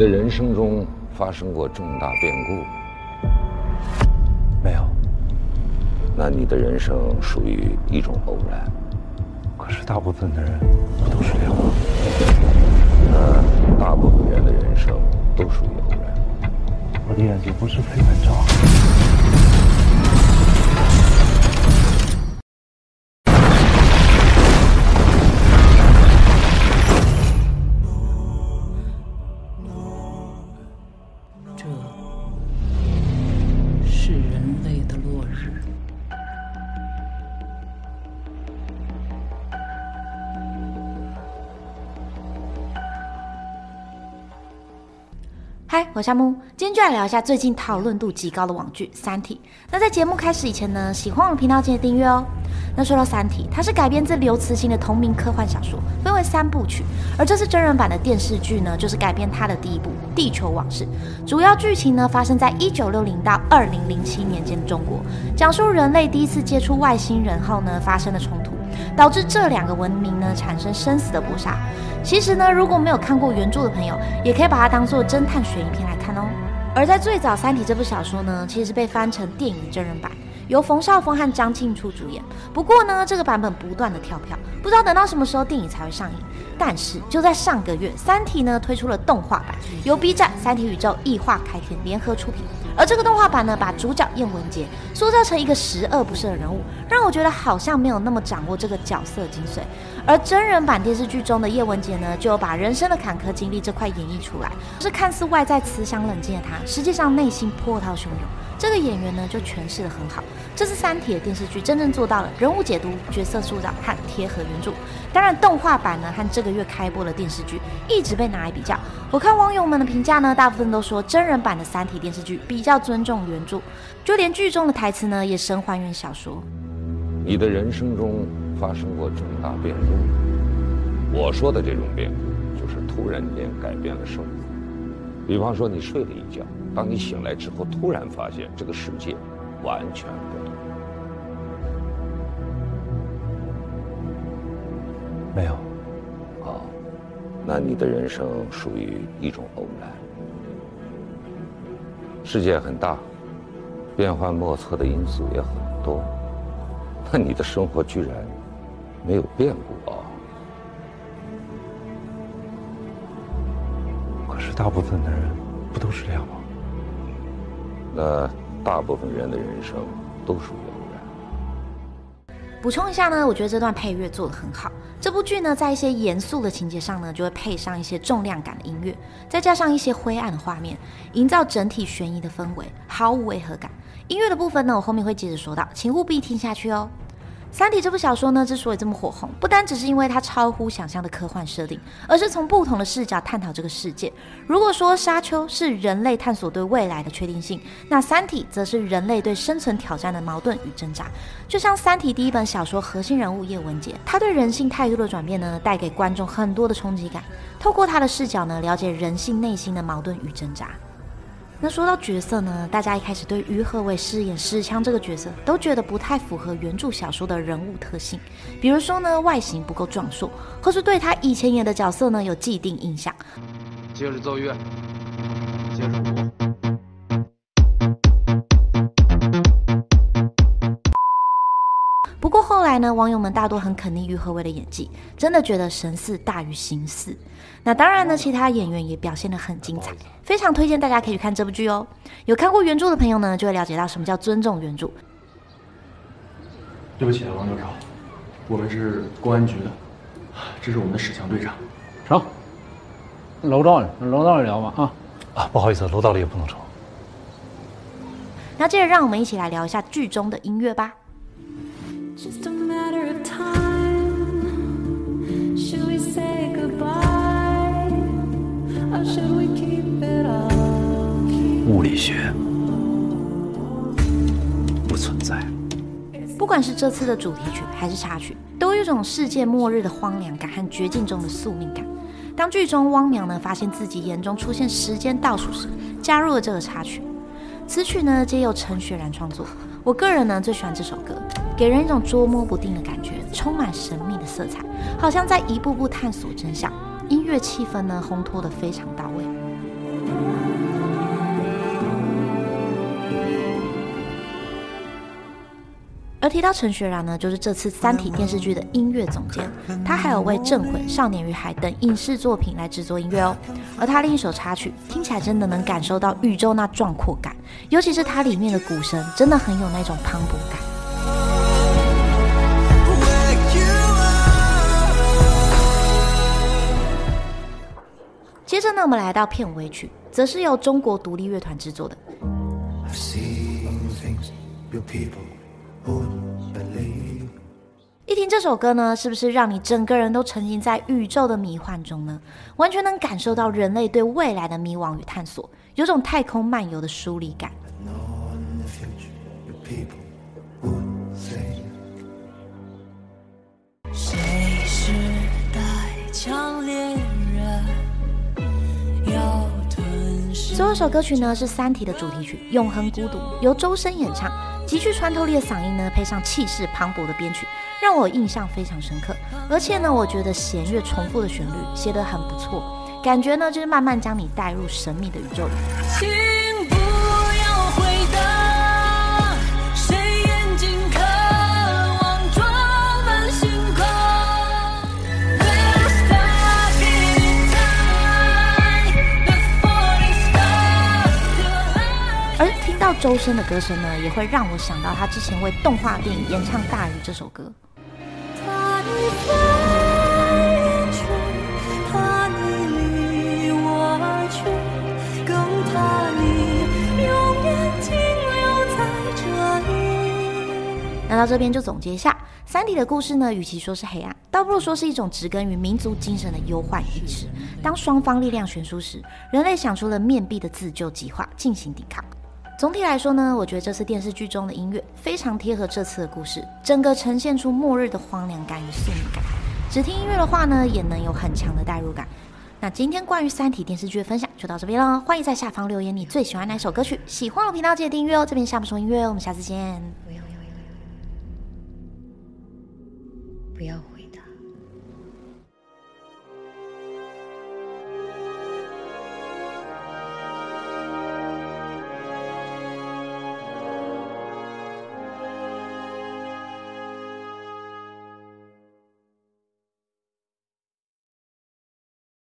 你的人生中發生過重大變故沒有？那你的人生屬於一種偶然。可是大部分的人不都是這樣嗎？那大部分人的人生都屬於偶然。我的眼睛不是飛蚊症。淚的落日、啊。Hi, 我是夏慕，今天就來聊一下最近討論度極高的網劇《三體》。那在節目開始以前呢，喜歡我們頻道記得訂閱哦。那說到《三體》，它是改編自劉慈欣的同名科幻小說，分為三部曲。而這次真人版的電視劇呢，就是改編它的第一部《地球往事》，主要劇情呢發生在一九六零到二零零七年間的中國，講述人類第一次接觸外星人後呢發生的衝突。導致這兩個文明呢產生生死的搏殺。其實呢，如果沒有看過原著的朋友，也可以把它當做偵探懸疑片來看哦。而在最早《三體》這部小說呢，其實被翻成電影真人版，由馮紹峰和張靜初主演。不過呢，這個版本不斷的跳票，不知道等到什麼時候電影才會上映。但是就在上個月，《三體》呢推出了動畫版，由 B 站《三體宇宙》藝畫開天聯合出品。而這個動畫版呢，把主角葉文潔塑造成一個十惡不赦的人物，讓我覺得好像沒有那麼掌握這個角色精髓。而真人版電視劇中的葉文潔呢，就把人生的坎坷經歷這塊演繹出來，可是看似外在慈祥冷靜的她，實際上內心波濤洶湧。這個演員呢，就詮釋得很好，這次《三體》電視劇真正做到了人物解讀、角色塑造和貼合原著。當然，動畫版呢和這個月開播的電視劇一直被拿來比較。我看網友們的評價呢，大部分都說真人版的《三體》電視劇比較尊重原著，就連劇中的台詞呢也神還原小說。你的人生中發生過重大變故，我說的這種變故，就是突然間改變了生活。比方說，你睡了一覺，當你醒來之後，突然發現這個世界完全不同。沒有，啊、哦，那你的人生屬於一種偶然。世界很大，變幻莫測的因素也很多，那你的生活居然沒有變過。大部分的人不都是這樣嗎？那大部分人的人生都屬於偶然。補充一下呢，我覺得這段配樂做得很好。這部劇呢，在一些嚴肅的情節上呢，就會配上一些重量感的音樂，再加上一些灰暗的畫面，營造整體懸疑的氛圍，毫無違和感。音樂的部分呢，我後面會接着說到，請務必聽下去哦。《三體》這部小說呢，之所以這麼火紅，不單只是因為它超乎想象的科幻設定，而是從不同的視角探討這個世界。如果說《沙丘》是人類探索對未來的確定性，那《三體》則是人類對生存挑戰的矛盾與掙扎。就像《三體》第一本小說核心人物葉文潔，他對人性態度的轉變呢，帶給觀眾很多的衝擊感。透過他的視角呢，了解人性內心的矛盾與掙扎。那說到角色呢，大家一開始對於和偉飾演史強這個角色都覺得不太符合原著小說的人物特性，比如說呢，外形不夠壯碩，或是對他以前演的角色呢有既定印象。接着奏樂。接着後來呢，網友們大多很肯定於和偉的演技，真的覺得神似大於形似。那當然呢，其他演員也表現得很精彩，非常推薦大家可以去看這部劇哦。有看過原著的朋友呢，就會了解到什麼叫尊重原著。對不起啊，汪教授，我們是公安局的，這是我們的史強隊長。成，樓道裡，樓道裡聊吧啊。啊，不好意思，樓道裡也不能抽。那接着讓我們一起來聊一下劇中的音樂吧。物理學不存在。不管是這次的主題曲還是插曲，都有一種世界末日的荒涼感和絕境中的宿命感。當劇中汪淼呢發現自己眼中出現時間倒數時，加入了這個插曲。此曲呢皆由陳雪燃創作。我個人呢最喜歡這首歌，給人一種捉摸不定的感覺，充滿神秘的色彩，好像在一步步探索真相。音樂氣氛呢烘托的非常到位。提到陳雪燃呢，就是這次《三體》電視劇的音樂總監，他還有為《鎮魂》《少年與海》等影視作品來制作音樂哦。而他另一首插曲聽起來真的能感受到宇宙那壯闊感，尤其是它裡面的鼓聲，真的很有那種磅礴感。Oh，接着呢，我們來到片尾曲，則是由中國獨立樂團制作的。一聽這首歌呢，是不是讓你整個人都沉浸在宇宙的迷幻中呢？完全能感受到人類對未來的迷惘與探索，有種太空漫遊的疏離感。最後一首歌曲呢，是《三體》的主題曲《永恆孤獨》，由周深演唱。極具穿透力的嗓音呢，配上氣勢磅礴的編曲，讓我印象非常深刻。而且呢，我覺得弦樂重複的旋律寫得很不錯，感覺呢就是慢慢將你帶入神秘的宇宙裡。到周深的歌聲呢，也會讓我想到他之前為動畫電影演唱《大魚》這首歌。怕你離我而去，更怕你永遠停留在這裡。那到這邊就總結一下，《三體》的故事呢，與其說是黑暗，倒不如說是一種植根於民族精神的憂患意識。當雙方力量懸殊時，人類想出了面壁的自救計劃進行抵抗。總體來說呢，我覺得這次電視劇中的音樂非常貼合這次的故事，整個呈現出末日的荒涼感與宿命感。只聽音樂的話呢，也能有很強的代入感。那今天關於《三體》電視劇的分享就到這邊了，歡迎在下方留言你最喜歡哪首歌曲。喜歡我的頻道記得訂閱哦，這邊夏慕說音樂哦，我們下次見。